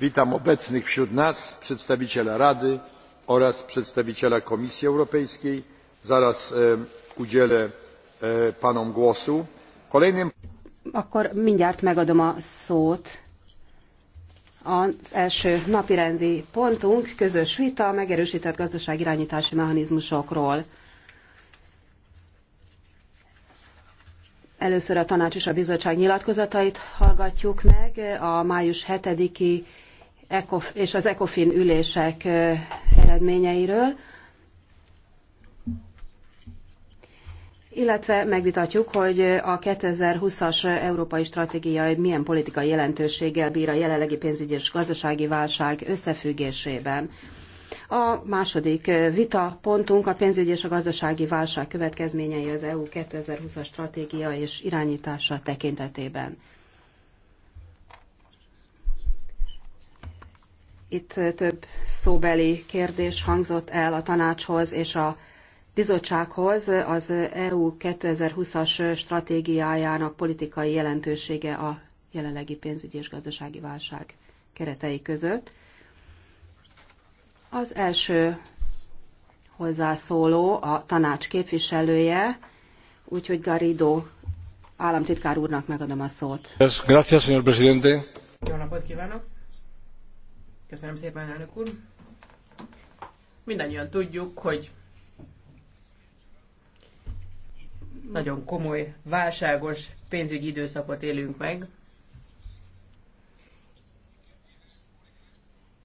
witam obecnych wśród nas przedstawiciela rady oraz przedstawiciela komisji europejskiej zaraz e, udzielę e, panom głosu. kolejnym akkor mindjárt megadom a szót. Az első napirendi pontunk közös vita a megerősített gazdaságirányítási mechanizmusokról. Először a tanács és a bizottság nyilatkozatait hallgatjuk meg. A május 7-i és az ECOFIN ülések eredményeiről, illetve megvitatjuk, hogy a 2020-as európai stratégia milyen politikai jelentőséggel bír a jelenlegi pénzügyi és gazdasági válság összefüggésében. A második vita pontunk a pénzügyi és a gazdasági válság következményei az EU 2020-as stratégia és irányítása tekintetében. Itt több szóbeli kérdés hangzott el a tanácshoz és a bizottsághoz az EU 2020-as stratégiájának politikai jelentősége a jelenlegi pénzügyi és gazdasági válság keretei között. Az első hozzászóló a tanács képviselője, úgyhogy Garrido államtitkár úrnak megadom a szót. Gracias, señor presidente. Jó napot kívánok! Köszönöm szépen, elnök úr. Mindannyian tudjuk, hogy nagyon komoly, válságos pénzügyi időszakot élünk meg,